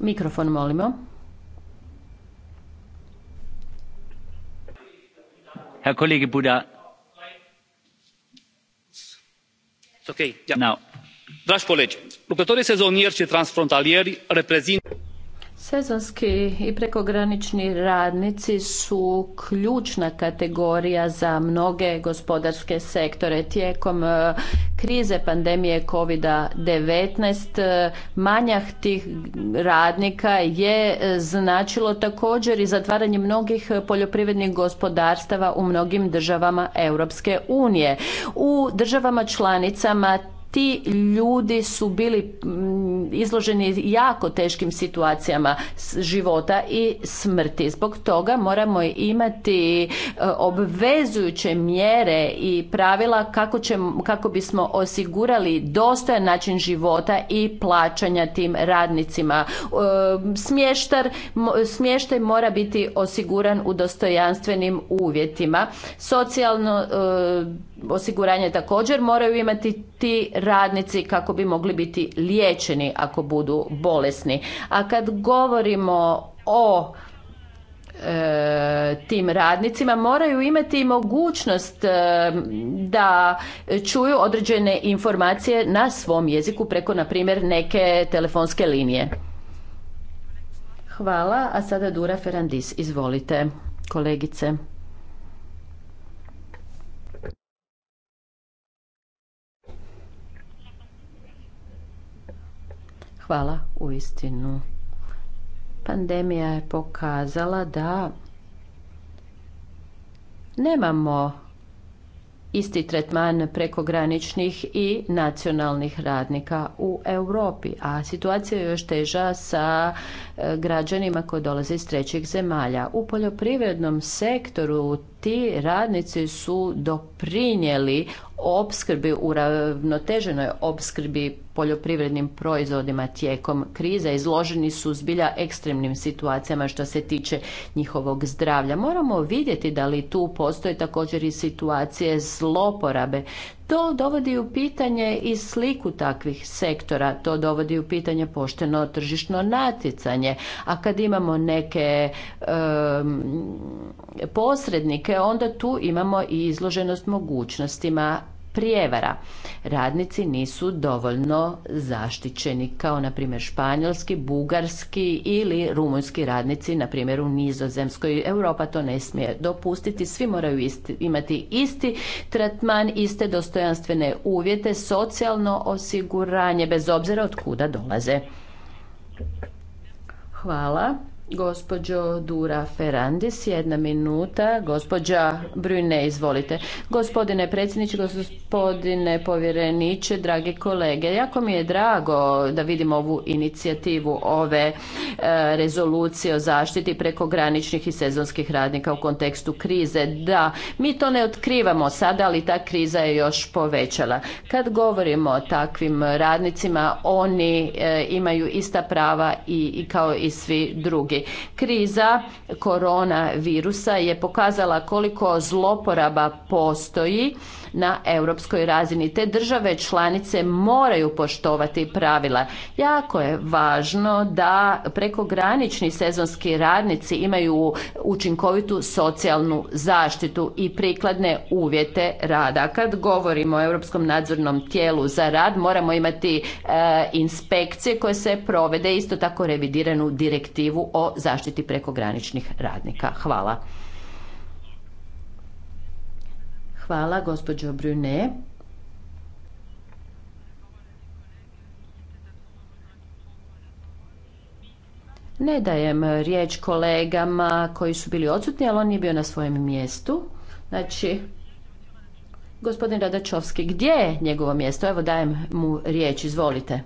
Mikrofon molimo. Herr Kollege Buda. Okay, yeah. Now. Dragi colegi, lucrătorii sezonieri și transfrontalieri reprezintă Sezonski i prekogranični radnici su ključna kategorija za mnoge gospodarske sektore. Tijekom e, krize pandemije COVID-19 e, manjak tih radnika je e, značilo također i zatvaranje mnogih poljoprivrednih gospodarstava u mnogim državama Europske unije. U državama članicama ti ljudi su bili mm, izloženi jako teškim situacijama života i smrti. Zbog toga moramo imati e, obvezujuće mjere i pravila kako, kako bismo osigurali dostojan način života i plaćanja tim radnicima. E, smještar, smještaj mora biti osiguran u dostojanstvenim uvjetima. Socijalno e, osiguranje također moraju imati ti radnici kako bi mogli biti liječeni ako budu bolesni. A kad govorimo o e, tim radnicima moraju imati mogućnost e, da čuju određene informacije na svom jeziku preko na primjer neke telefonske linije. Hvala, a sada Dura Ferandis, izvolite kolegice. Hvala u istinu. Pandemija je pokazala da nemamo isti tretman prekograničnih i nacionalnih radnika u Europi, a situacija je još teža sa e, građanima koji dolaze iz trećih zemalja. U poljoprivrednom sektoru ti radnici su doprinijeli opskrbi, uravnoteženoj opskrbi poljoprivrednim proizvodima tijekom krize. Izloženi su zbilja ekstremnim situacijama što se tiče njihovog zdravlja. Moramo vidjeti da li tu postoje također i situacije zloporabe. To dovodi u pitanje i sliku takvih sektora, to dovodi u pitanje pošteno tržišno natjecanje, a kad imamo neke posrednike, onda tu imamo i izloženost mogućnostima prijevara. Radnici nisu dovoljno zaštićeni kao na primjer španjolski, bugarski ili rumunjski radnici na primjer u Nizozemskoj. Europa to ne smije dopustiti, svi moraju isti, imati isti tretman, iste dostojanstvene uvjete, socijalno osiguranje bez obzira od kuda dolaze. Hvala. Gospođo Dura Ferrandis, jedna minuta. Gospođa Brune, izvolite. Gospodine predsjedniče, gospodine povjereniče, dragi kolege, jako mi je drago da vidim ovu inicijativu ove e, rezolucije o zaštiti prekograničnih i sezonskih radnika u kontekstu krize. Da, mi to ne otkrivamo sada, ali ta kriza je još povećala. Kad govorimo o takvim radnicima, oni e, imaju ista prava i kao i svi drugi Kriza korona virusa je pokazala koliko zloporaba postoji na europskoj razini. Te države članice moraju poštovati pravila. Jako je važno da prekogranični sezonski radnici imaju učinkovitu socijalnu zaštitu i prikladne uvjete rada. Kad govorimo o Europskom nadzornom tijelu za rad, moramo imati e, inspekcije koje se provede isto tako revidiranu direktivu o zaštiti prekograničnih radnika. Hvala. Hvala gospođo Brune. Ne dajem riječ kolegama koji su bili odsutni, ali on nije bio na svojem mjestu. Znači, gospodin Radačovski, gdje je njegovo mjesto? Evo dajem mu riječ, izvolite.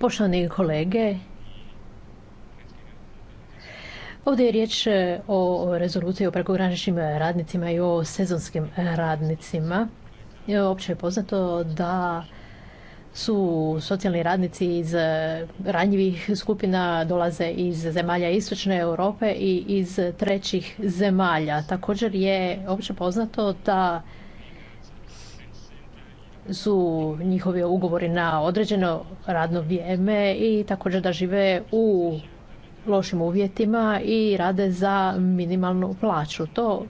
Poštovani kolege, ovdje je riječ e, o rezoluciji o prekograničnim radnicima i o sezonskim radnicima. E, opće je poznato da su socijalni radnici iz e, ranjivih skupina dolaze iz zemalja istočne Europe i iz trećih zemalja. Također je opće poznato da su njihovi ugovori na određeno radno vrijeme i također da žive u lošim uvjetima i rade za minimalnu plaću. To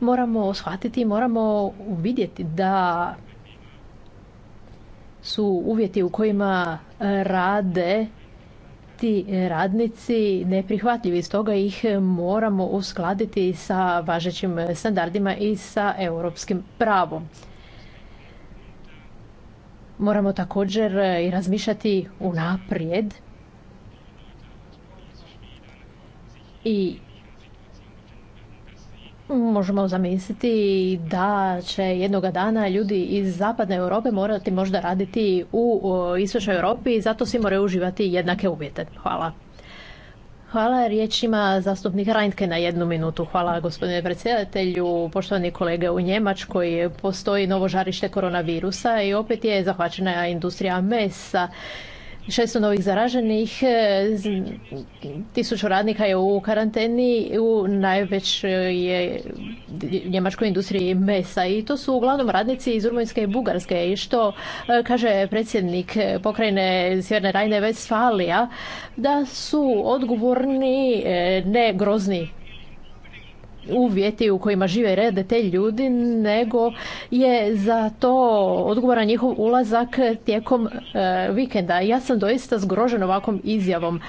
moramo shvatiti i moramo vidjeti da su uvjeti u kojima rade ti radnici neprihvatljivi, stoga ih moramo uskladiti sa važećim standardima i sa europskim pravom. Moramo također e, i razmišljati unaprijed i možemo zamisliti da će jednoga dana ljudi iz zapadne Europe morati možda raditi u istočnoj Europi i zato svi moraju uživati jednake uvjete. Hvala. Hvala. riječima ima zastupnik na jednu minutu. Hvala gospodine predsjedatelju, poštovani kolege u Njemačkoj. Postoji novo žarište koronavirusa i opet je zahvaćena industrija mesa 600 novih zaraženih, e, tisuću radnika je u karanteni u najvećoj je njemačkoj industriji mesa i to su uglavnom radnici iz Rumunjske i Bugarske i što e, kaže predsjednik pokrajine Sjeverne Rajne Westfalija da su odgovorni e, ne grozni uvjeti u kojima žive i rede te ljudi, nego je za to odgovoran njihov ulazak tijekom e, vikenda. Ja sam doista zgrožen ovakvom izjavom.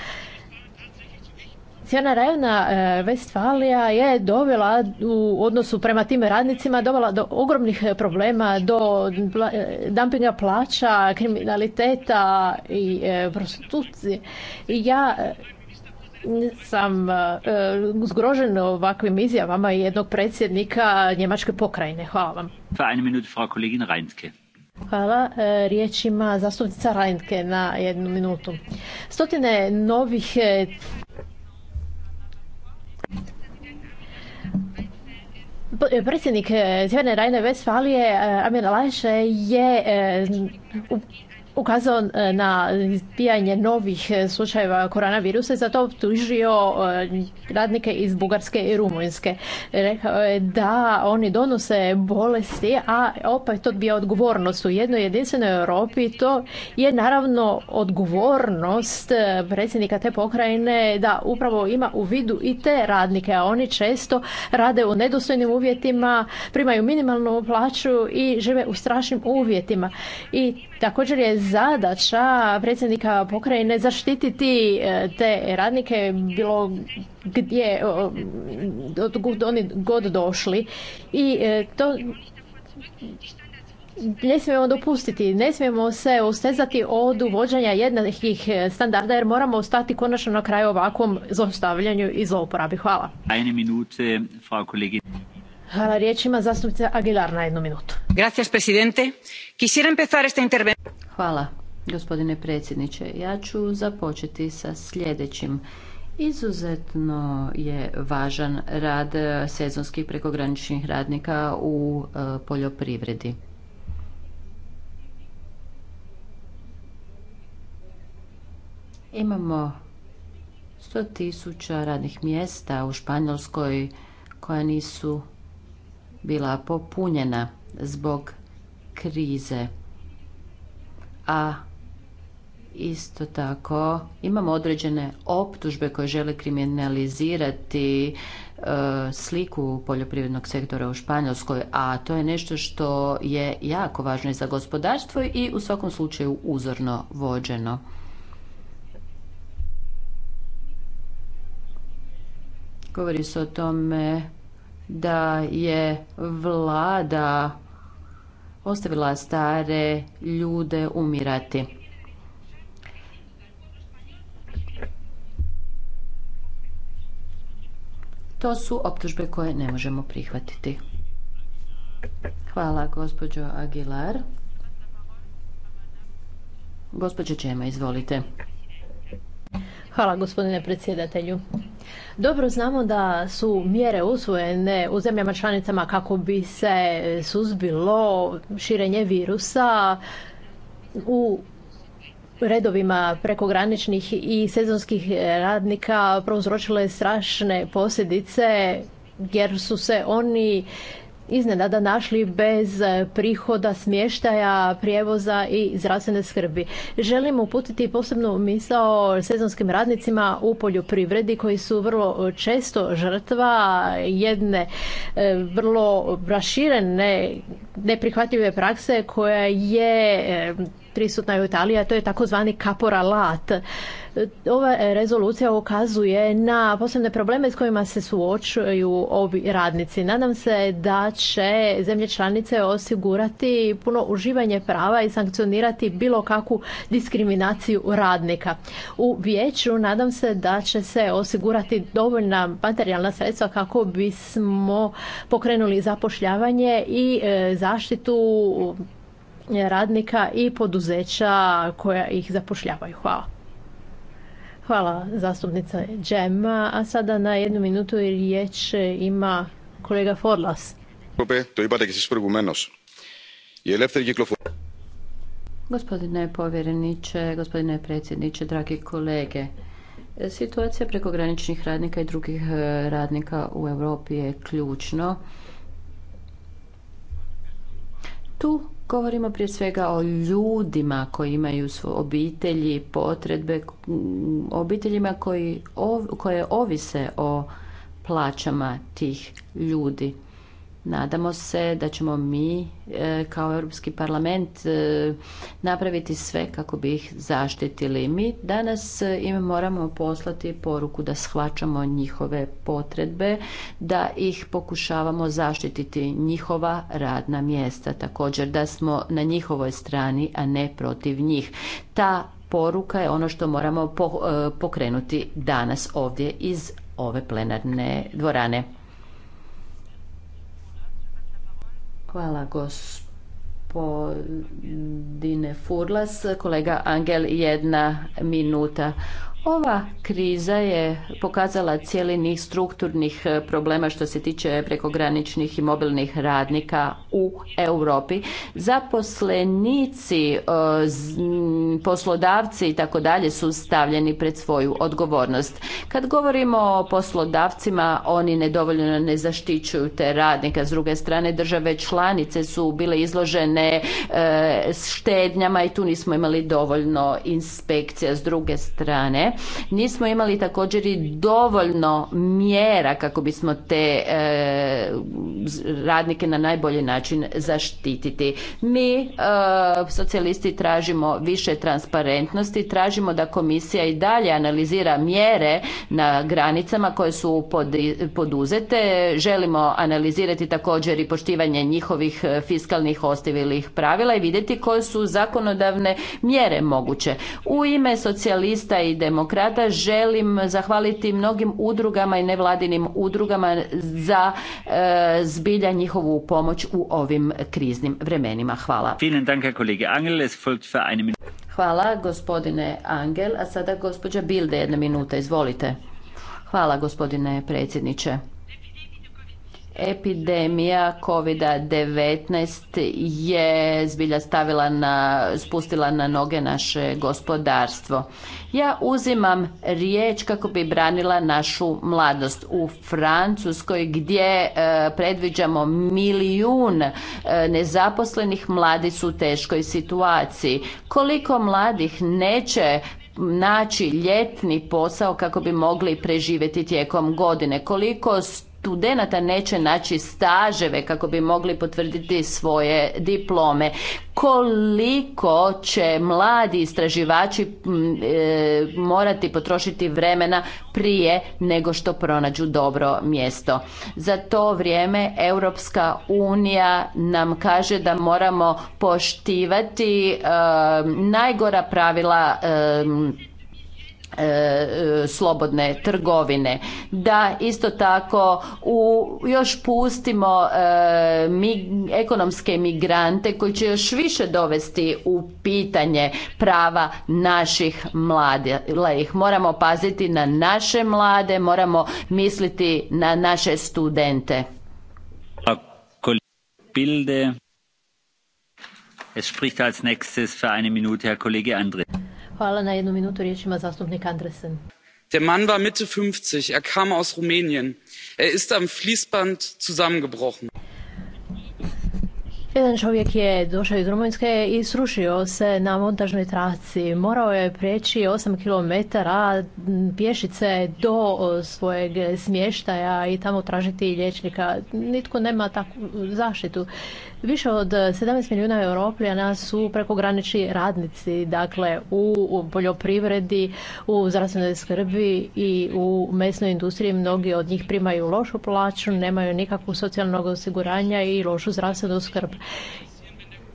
Cijena rajona e, Vestfalija je dovela u odnosu prema tim radnicima dovela do ogromnih problema, do e, dumpinga plaća, kriminaliteta i prostitucije. Ja sam e, e, zgrožen ovakvim izjavama jednog predsjednika Njemačke pokrajine. Hvala vam. Hvala. E, riječ ima zastupnica Rajnke na jednu minutu. Stotine novih Predsjednik Sjeverne Rajne Vesfalije Amir Lajše je ukazao e, na izbijanje novih e, slučajeva koronavirusa i zato optužio e, radnike iz Bugarske i Rumunjske. Rekao je da oni donose bolesti, a opet to bio odgovornost u jednoj jedinstvenoj Europi. To je naravno odgovornost predsjednika te pokrajine da upravo ima u vidu i te radnike, a oni često rade u nedostojnim uvjetima, primaju minimalnu plaću i žive u strašnim uvjetima. I Također je zadaća predsjednika pokrajine zaštititi e, te radnike bilo gdje oni god došli i e, to ne smijemo dopustiti, ne smijemo se ustezati od uvođenja jednakih e, standarda jer moramo ostati konačno na kraju ovakvom zlostavljanju i zlouporabi. Hvala. Riječ ima zastupnice Aguilar na jednu minutu. Gracias, presidente. Quisiera empezar Hvala, gospodine predsjedniče. Ja ću započeti sa sljedećim. Izuzetno je važan rad e, sezonskih prekograničnih radnika u e, poljoprivredi. Imamo sto tisuća radnih mjesta u Španjolskoj koja nisu bila popunjena zbog krize. A isto tako imamo određene optužbe koje žele kriminalizirati e, sliku poljoprivrednog sektora u Španjolskoj, a to je nešto što je jako važno i za gospodarstvo i u svakom slučaju uzorno vođeno. Govori se o tome da je vlada ostavila stare ljude umirati. To su optužbe koje ne možemo prihvatiti. Hvala gospođo Aguilar. Gospođo Čema, izvolite. Hvala gospodine predsjedatelju. Dobro znamo da su mjere usvojene u zemljama članicama kako bi se suzbilo širenje virusa u redovima prekograničnih i sezonskih radnika prouzročile strašne posljedice jer su se oni iznenada našli bez e, prihoda, smještaja, prijevoza i zdravstvene skrbi. Želim uputiti posebnu misao sezonskim radnicima u poljoprivredi koji su vrlo često žrtva jedne e, vrlo raširene neprihvatljive prakse koja je e, prisutna u Italiji, a to je takozvani kaporalat ova e, rezolucija ukazuje na posebne probleme s kojima se suočuju ovi radnici. Nadam se da će zemlje članice osigurati puno uživanje prava i sankcionirati bilo kakvu diskriminaciju radnika. U vijeću nadam se da će se osigurati dovoljna materijalna sredstva kako bismo pokrenuli zapošljavanje i e, zaštitu radnika i poduzeća koja ih zapošljavaju. Hvala. Hvala zastupnica Džema. A sada na jednu minutu riječ e, ima kolega Forlas. Gospodine povjereniče, gospodine predsjedniče, dragi kolege. Situacija prekograničnih radnika i drugih e, radnika u Europi je ključno. Tu Govorimo prije svega o ljudima koji imaju svoje obitelji, potrebe obiteljima koji, koje ovise o plaćama tih ljudi. Nadamo se da ćemo mi e, kao Europski parlament e, napraviti sve kako bi ih zaštitili. Mi danas e, im moramo poslati poruku da shvaćamo njihove potrebe, da ih pokušavamo zaštititi njihova radna mjesta. Također da smo na njihovoj strani, a ne protiv njih. Ta poruka je ono što moramo pokrenuti danas ovdje iz ove plenarne dvorane. Hvala gospodine Furlas. Kolega Angel, jedna minuta. Ova kriza je pokazala cijeli niz strukturnih e, problema što se tiče prekograničnih i mobilnih radnika u Europi. Zaposlenici, e, poslodavci i tako dalje su stavljeni pred svoju odgovornost. Kad govorimo o poslodavcima, oni nedovoljno ne zaštićuju te radnika. S druge strane, države članice su bile izložene e, štednjama i tu nismo imali dovoljno inspekcija. S druge strane, nismo imali također i dovoljno mjera kako bismo te e, radnike na najbolji način zaštititi. Mi e, socijalisti tražimo više transparentnosti, tražimo da komisija i dalje analizira mjere na granicama koje su pod, poduzete. Želimo analizirati također i poštivanje njihovih e, fiskalnih ostavilih pravila i vidjeti koje su zakonodavne mjere moguće. U ime socijalista i demokrata želim zahvaliti mnogim udrugama i nevladinim udrugama za e, zbilja njihovu pomoć u ovim kriznim vremenima. Hvala. Hvala gospodine Angel, a sada gospođa Bilde jedna minuta, izvolite. Hvala gospodine predsjedniče. Epidemija COVID-19 je zbilja stavila na, spustila na noge naše gospodarstvo. Ja uzimam riječ kako bi branila našu mladost u Francuskoj gdje e, predviđamo milijun e, nezaposlenih mladi su u teškoj situaciji. Koliko mladih neće naći ljetni posao kako bi mogli preživjeti tijekom godine. Koliko studenata neće naći staževe kako bi mogli potvrditi svoje diplome. Koliko će mladi istraživači mm, e, morati potrošiti vremena prije nego što pronađu dobro mjesto. Za to vrijeme Europska unija nam kaže da moramo poštivati e, najgora pravila e, E, slobodne trgovine da isto tako u još pustimo e, ekonomske migrante koji će još više dovesti u pitanje prava naših mladih moramo paziti na naše mlade moramo misliti na naše studente Bilde. Es spricht als nächstes für eine Minute Herr Kollege André. Hvala na jednu minutu riječima zastupnik Andresen. Der Mann war Mitte 50, er kam aus Rumänien. Er ist am Fließband zusammengebrochen. Jedan čovjek je došao iz Rumunjske i srušio se na montažnoj traci. Morao je preći 8 km pješice do svojeg smještaja i tamo tražiti liječnika. Nitko nema takvu zaštitu. Više od 17 eh, milijuna europljana su prekogranični radnici, dakle u poljoprivredi, u zdravstvenoj skrbi i u mesnoj industriji mnogi od njih primaju lošu plaću, nemaju nikakvog socijalnog osiguranja i lošu zdravstvenu skrb.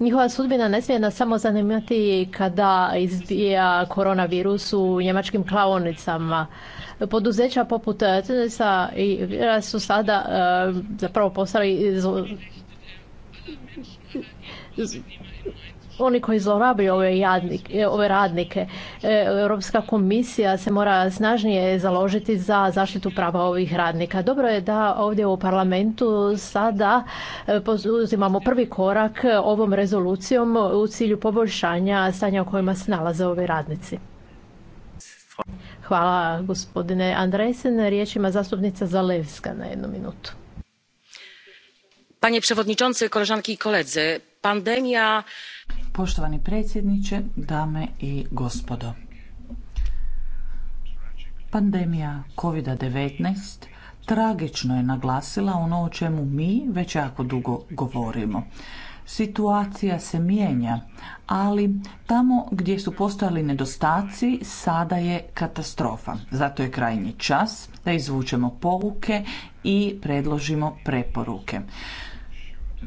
Njihova sudbina ne smije nas samo zanimati kada izbija koronavirus u njemačkim klaonicama. Poduzeća poput i su sada eh, zapravo postali oni koji zlorabaju ove, jadnike, e, ove radnike. E, Europska komisija se mora snažnije založiti za zaštitu prava ovih radnika. Dobro je da ovdje u parlamentu sada e, uzimamo prvi korak ovom rezolucijom u cilju poboljšanja stanja u kojima se nalaze ovi radnici. Hvala gospodine Andresen. Riječ ima zastupnica Zalevska na jednu minutu. Panie przewodniczący, koleżanki i koledzy, pandemija... Poštovani predsjedniče, dame i gospodo. Pandemija COVID-19 tragično je naglasila ono o čemu mi već jako dugo govorimo. Situacija se mijenja, ali tamo gdje su postojali nedostaci sada je katastrofa. Zato je krajnji čas da izvučemo pouke i predložimo preporuke.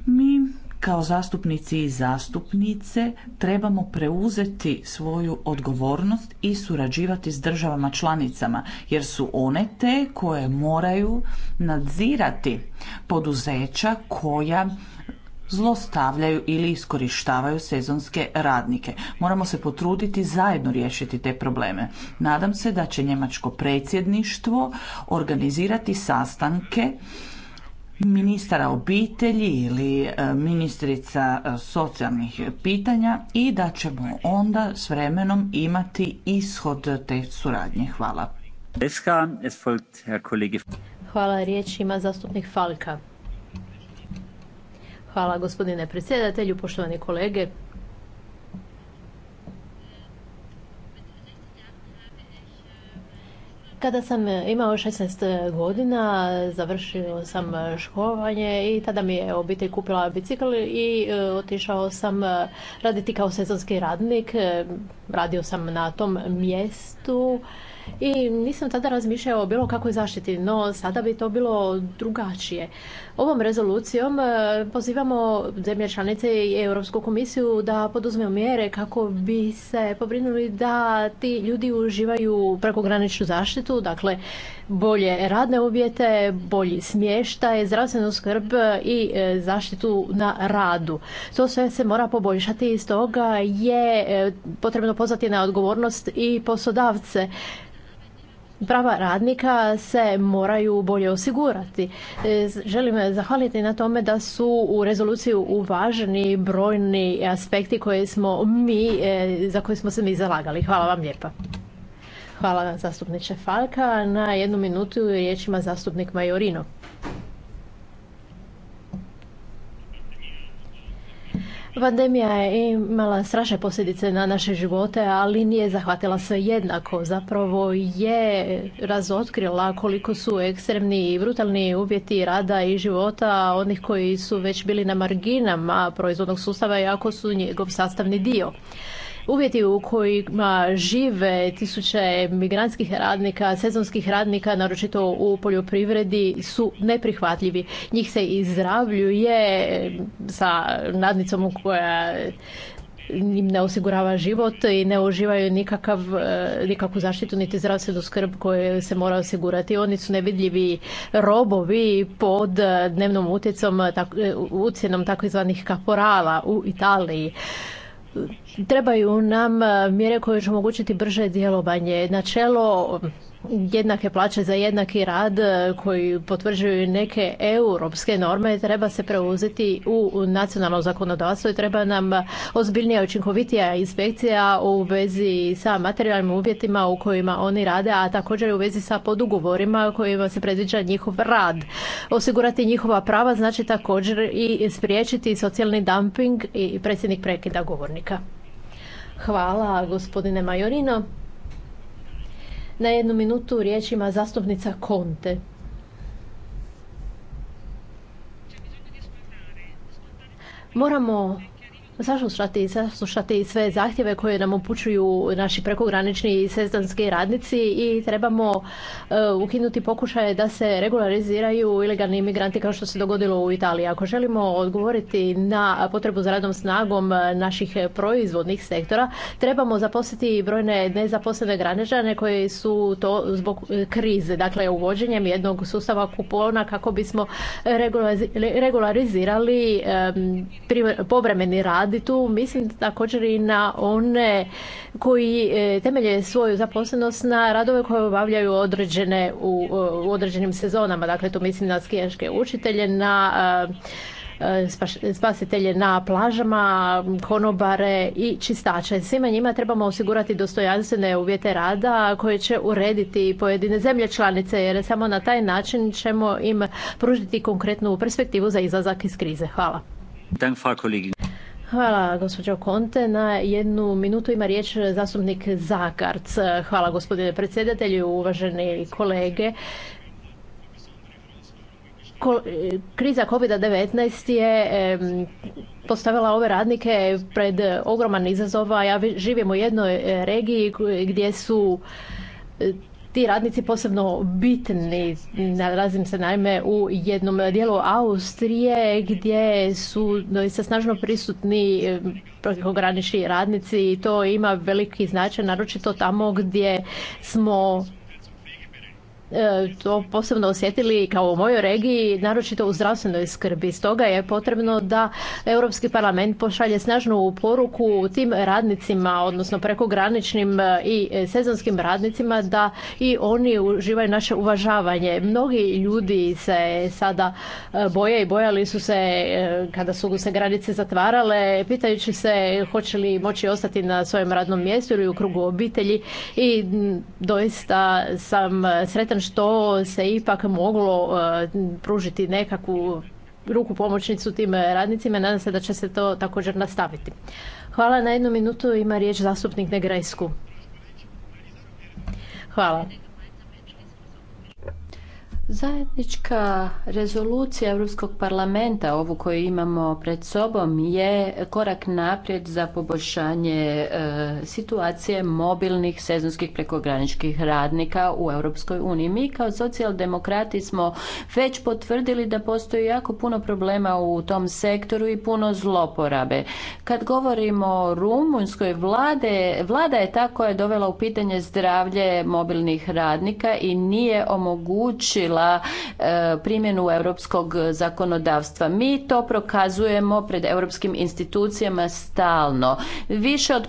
Mi kao zastupnici i zastupnice trebamo preuzeti svoju odgovornost i surađivati s državama članicama jer su one te koje moraju nadzirati poduzeća koja zlostavljaju ili iskorištavaju sezonske radnike. Moramo se potruditi zajedno riješiti te probleme. Nadam se da će njemačko predsjedništvo organizirati sastanke ministara obitelji ili e, ministrica e, socijalnih pitanja i da ćemo onda s vremenom imati ishod te suradnje. Hvala. Hvala, riječ ima zastupnik Falka. Hvala gospodine predsjedatelju, poštovani kolege. Kada sam e, imao 16 e, godina, završio sam e, školovanje i tada mi je obitelj kupila bicikl i otišao sam raditi kao sezonski radnik. Radio sam na tom mjestu i nisam tada razmišljao o bilo kakvoj zaštiti, no sada bi to bilo drugačije. Ovom rezolucijom e, pozivamo zemlje članice i Europsku komisiju da poduzme mjere kako bi se pobrinuli da ti ljudi uživaju prekograničnu zaštitu, dakle bolje radne uvjete, bolji smještaj, zdravstvenu skrb i e, zaštitu na radu. To sve se mora poboljšati i stoga je e, potrebno pozvati na odgovornost i poslodavce prava radnika se moraju bolje osigurati. E, želim zahvaliti na tome da su u rezoluciju uvaženi brojni aspekti koje smo mi, e, za koje smo se mi zalagali. Hvala vam lijepa. Hvala zastupniče Falka. Na jednu minutu riječ ima zastupnik Majorino. Pandemija je imala strašne posljedice na naše živote, ali nije zahvatila sve jednako. Zapravo je razotkrila koliko su ekstremni i brutalni uvjeti rada i života onih koji su već bili na marginama proizvodnog sustava, jako su njegov sastavni dio. Uvjeti u kojima žive tisuće migrantskih radnika, sezonskih radnika, naročito u poljoprivredi, su neprihvatljivi. Njih se izravljuje eh, sa nadnicom koja im ne osigurava život i ne uživaju nikakav, eh, nikakvu zaštitu niti zdravstvenu skrb koju se mora osigurati. Oni su nevidljivi robovi pod eh, dnevnom utjecom, tak, ucjenom takozvanih kaporala u Italiji trebaju nam eh, mjere koje će omogućiti brže djelovanje. Načelo jednake plaće za jednaki rad e, koji potvrđuju neke europske norme treba se preuzeti u nacionalno zakonodavstvo i treba nam ozbiljnija i učinkovitija inspekcija u vezi sa materijalnim uvjetima u kojima oni rade, a također u vezi sa podugovorima kojima se predviđa njihov rad. Osigurati njihova prava znači također i spriječiti socijalni dumping i predsjednik prekida govornika. Hvala gospodine Majorino. Na jednu minutu riječ ima zastupnica Conte. Moramo saslušati, sve zahtjeve koje nam upućuju naši prekogranični i sezonski radnici i trebamo e, ukinuti pokušaje da se regulariziraju ilegalni imigranti kao što se dogodilo u Italiji. Ako želimo odgovoriti na potrebu za radnom snagom naših proizvodnih sektora, trebamo zaposliti brojne nezaposlene granežane koje su to zbog krize, dakle uvođenjem jednog sustava kupona kako bismo regularizirali povremeni rad radi tu mislim također i na one koji e, temelje svoju zaposlenost na radove koje obavljaju određene e, u, određenim sezonama. Dakle, tu mislim na skijaške učitelje, na e, spasitelje na plažama, konobare i čistače. Svima njima trebamo osigurati dostojanstvene uvjete rada koje će urediti pojedine zemlje članice jer samo na taj način ćemo im pružiti konkretnu perspektivu za izlazak iz krize. Hvala. Hvala gospođo Konte. Na jednu minutu ima riječ zastupnik Zakarc. Hvala gospodine predsjedatelju, uvaženi kolege. kriza COVID-19 je postavila ove radnike pred ogroman izazov, a ja živim u jednoj regiji gdje su ti radnici posebno bitni. Nalazim se naime u jednom dijelu Austrije gdje su doista snažno prisutni prekogranični radnici i to ima veliki značaj, naročito tamo gdje smo E, to posebno osjetili kao u mojoj regiji, naročito u zdravstvenoj skrbi. Stoga je potrebno da Europski parlament pošalje snažnu poruku tim radnicima, odnosno prekograničnim e, i sezonskim radnicima da i oni uživaju naše uvažavanje. Mnogi ljudi se sada e, boje i bojali su se kada su se granice zatvarale, pitajući se hoće li moći ostati na svojem radnom mjestu ili u krugu obitelji i doista sam sretan što se ipak moglo e, pružiti nekakvu ruku pomoćnicu tim radnicima. Nadam se da će se to također nastaviti. Hvala na jednu minutu. Ima riječ zastupnik Negrajsku. Hvala. Zajednička rezolucija Europskog parlamenta, ovu koju imamo pred sobom, je korak naprijed za poboljšanje e, situacije mobilnih sezonskih prekograničkih radnika u Europskoj uniji. Mi kao socijaldemokrati smo već potvrdili da postoji jako puno problema u tom sektoru i puno zloporabe. Kad govorimo o rumunjskoj vlade, vlada je ta koja je dovela u pitanje zdravlje mobilnih radnika i nije omogućila E, primjenu europskog zakonodavstva. Mi to prokazujemo pred europskim institucijama stalno. Više od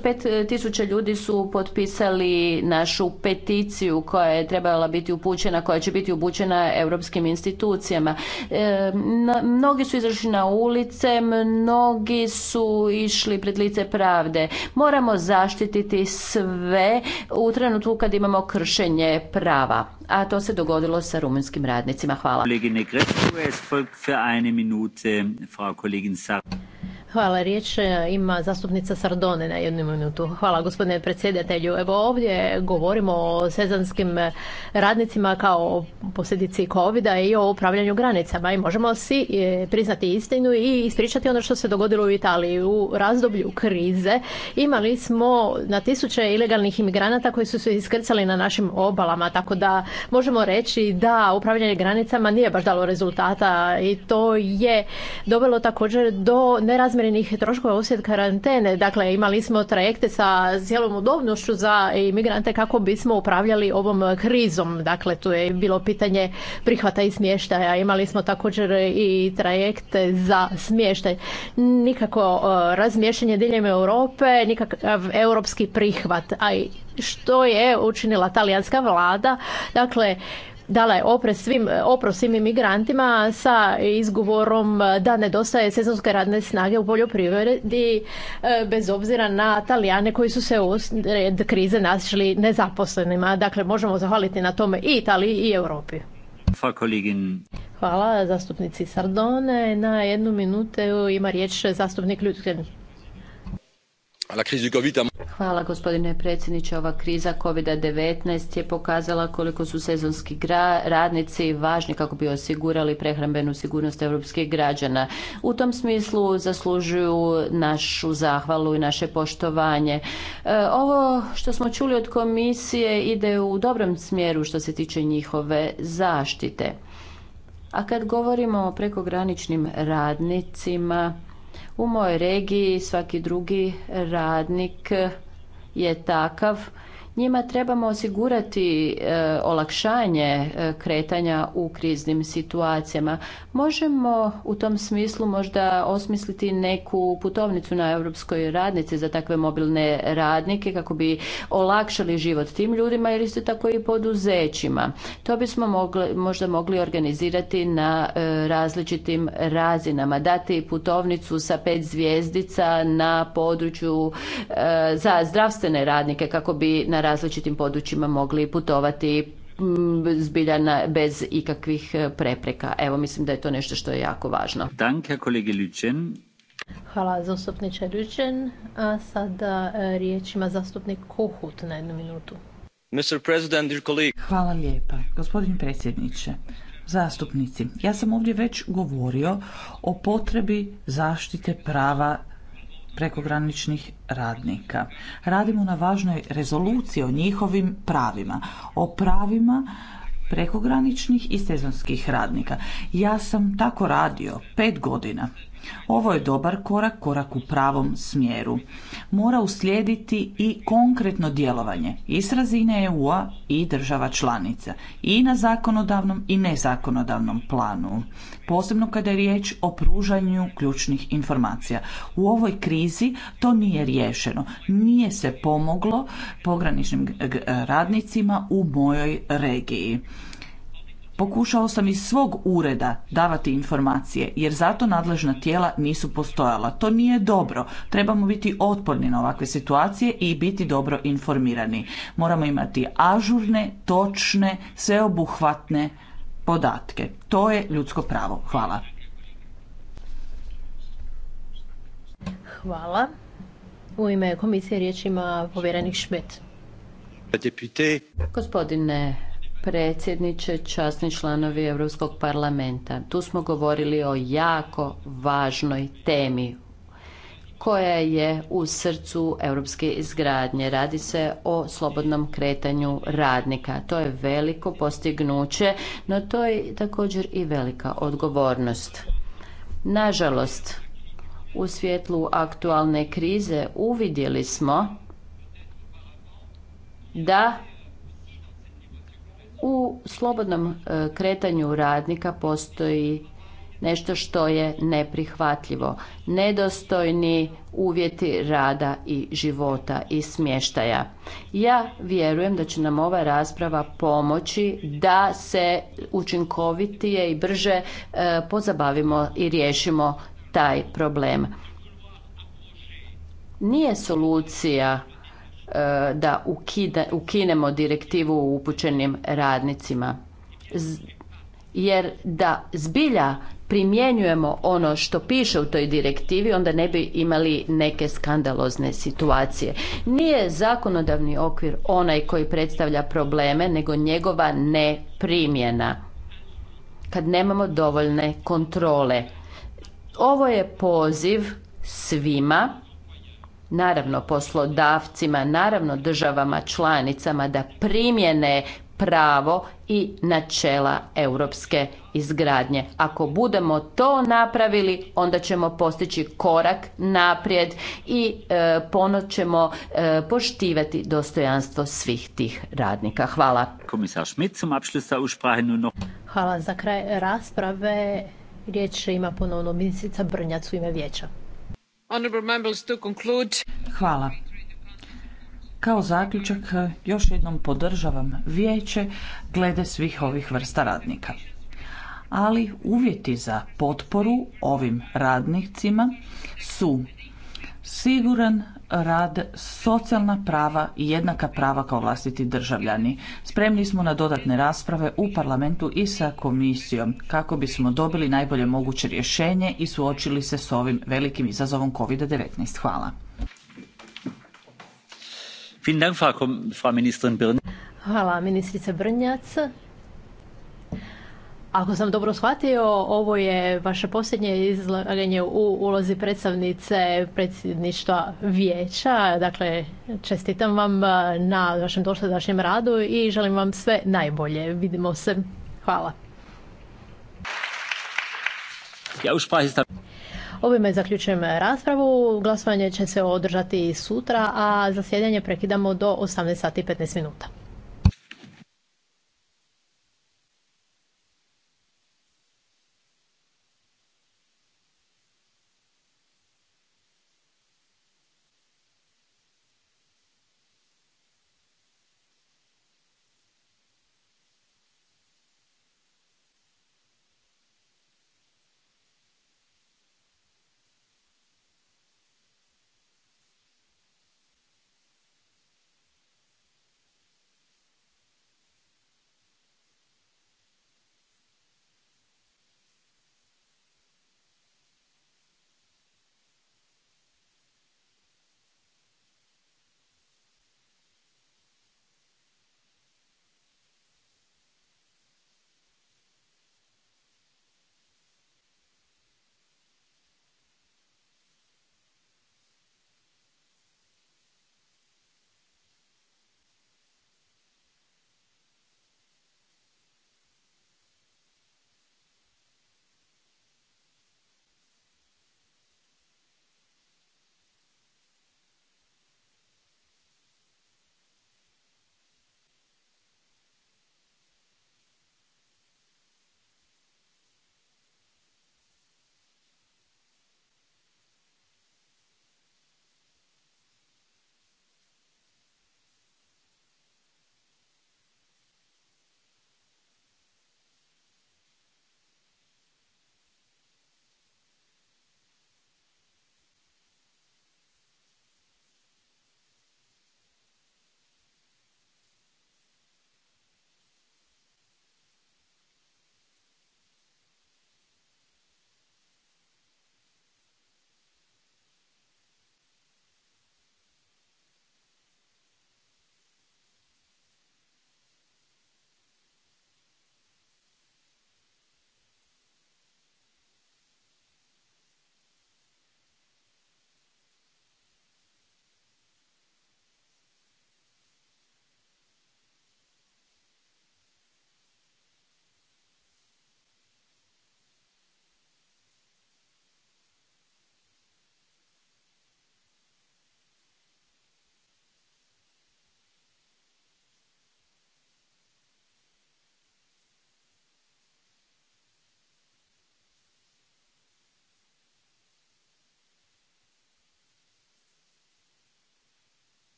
tisuća ljudi su potpisali našu peticiju koja je trebala biti upućena, koja će biti upućena europskim institucijama. E, mnogi su izašli na ulice, mnogi su išli pred lice pravde. Moramo zaštititi sve u trenutku kad imamo kršenje prava a to se dogodilo sa rumunjskim radnicima. Hvala. Hvala. Riječ e, ima zastupnica Sardone na jednu minutu. Hvala gospodine predsjedatelju. Evo ovdje govorimo o sezanskim e, radnicima kao posljedici covid i o upravljanju granicama i možemo si e, priznati istinu i ispričati ono što se dogodilo u Italiji. U razdoblju krize imali smo na tisuće ilegalnih imigranata koji su se iskrcali na našim obalama, tako da možemo reći da upravljanje granicama nije baš dalo rezultata i to je dovelo također do nerazmjerne njih troškova uslijed karantene. Dakle, imali smo trajekte sa cijelom udobnošću za imigrante kako bismo upravljali ovom krizom. Dakle, tu je bilo pitanje prihvata i smještaja. Imali smo također i trajekte za smještaj. Nikako e, razmješanje diljem Europe, nikakav europski prihvat. A što je učinila talijanska vlada? Dakle, dala je oprost svim, opro svim imigrantima sa izgovorom da nedostaje sezonske radne snage u poljoprivredi e, bez obzira na Italijane koji su se u red krize našli nezaposlenima. Dakle, možemo zahvaliti na tome i Italiji i Europi. Hvala zastupnici Sardone. Na jednu minutu ima riječ zastupnik Ljudkin. Hvala gospodine predsjedniče. Ova kriza COVID-19 je pokazala koliko su sezonski radnici važni kako bi osigurali prehrambenu sigurnost europskih građana. U tom smislu zaslužuju našu zahvalu i naše poštovanje. E, ovo što smo čuli od komisije ide u dobrom smjeru što se tiče njihove zaštite. A kad govorimo o prekograničnim radnicima, u mojoj regiji svaki drugi radnik je takav njima trebamo osigurati e, olakšanje e, kretanja u kriznim situacijama. Možemo u tom smislu možda osmisliti neku putovnicu na europskoj radnici za takve mobilne radnike kako bi olakšali život tim ljudima ili isto tako i poduzećima. To bismo mogli, možda mogli organizirati na e, različitim razinama. Dati putovnicu sa pet zvijezdica na području za zdravstvene radnike kako bi na različitim područjima mogli putovati mm, zbilja bez ikakvih e, prepreka. Evo, mislim da je to nešto što je jako važno. Danke, kolege Ljučen. Hvala, zastupniče Ljučen. A sada e, riječ ima zastupnik Kohut na jednu minutu. Mr. President, Hvala lijepa, gospodin predsjedniče. Zastupnici, ja sam ovdje već govorio o potrebi zaštite prava prekograničnih radnika. Radimo na važnoj rezoluciji o njihovim pravima, o pravima prekograničnih i sezonskih radnika. Ja sam tako radio pet godina ovo je dobar korak, korak u pravom smjeru. Mora uslijediti i konkretno djelovanje i s razine EU-a i država članica i na zakonodavnom i nezakonodavnom planu, posebno kada je riječ o pružanju ključnih informacija. U ovoj krizi to nije riješeno. Nije se pomoglo pograničnim radnicima u mojoj regiji. Pokušao sam iz svog ureda davati informacije jer zato nadležna tijela nisu postojala. To nije dobro. Trebamo biti otporni na ovakve situacije i biti dobro informirani. Moramo imati ažurne, točne, sveobuhvatne podatke. To je ljudsko pravo. Hvala. Hvala. U ime komisije riječ ima povjerenik Gospodine predsjedniče, časni članovi Europskog parlamenta. Tu smo govorili o jako važnoj temi koja je u srcu europske izgradnje. Radi se o slobodnom kretanju radnika. To je veliko postignuće, no to je također i velika odgovornost. Nažalost, u svjetlu aktualne krize uvidjeli smo da u slobodnom e, kretanju radnika postoji nešto što je neprihvatljivo. Nedostojni uvjeti rada i života i smještaja. Ja vjerujem da će nam ova rasprava pomoći da se učinkovitije i brže e, pozabavimo i riješimo taj problem. Nije solucija E, da ukinemo direktivu u upućenim radnicima. jer da zbilja primjenjujemo ono što piše u toj direktivi, onda ne bi imali neke skandalozne situacije. Nije zakonodavni okvir onaj koji predstavlja probleme, nego njegova neprimjena. Kad nemamo dovoljne kontrole. Ovo je poziv svima naravno poslodavcima, naravno državama članicama da primjene pravo i načela europske izgradnje. Ako budemo to napravili, onda ćemo postići korak naprijed i e, ćemo e, poštivati dostojanstvo svih tih radnika. Hvala. Komisar Schmidt, zum nur Hvala za kraj rasprave. Riječ ima ponovno ministrica Brnjac u ime vijeća. Hvala. Kao zaključak još jednom podržavam vijeće glede svih ovih vrsta radnika. Ali uvjeti za potporu ovim radnicima su siguran rad socijalna prava i jednaka prava kao vlastiti državljani. Spremni smo na dodatne rasprave u parlamentu i sa komisijom kako bismo dobili najbolje moguće rješenje i suočili se s ovim velikim izazovom COVID-19. Hvala. Hvala ministrice Brnjac. Ako sam dobro shvatio, ovo je vaše posljednje izlaganje u ulozi predstavnice predsjedništva vijeća. Dakle, čestitam vam e, na vašem dosadašnjem radu i želim vam sve najbolje. Vidimo se. Hvala. Ovime zaključujem raspravu. Glasovanje će se održati sutra, a zasjedanje prekidamo do 18 sati 15 minuta.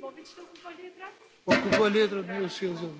Popović to Ocupa letra? letra, nije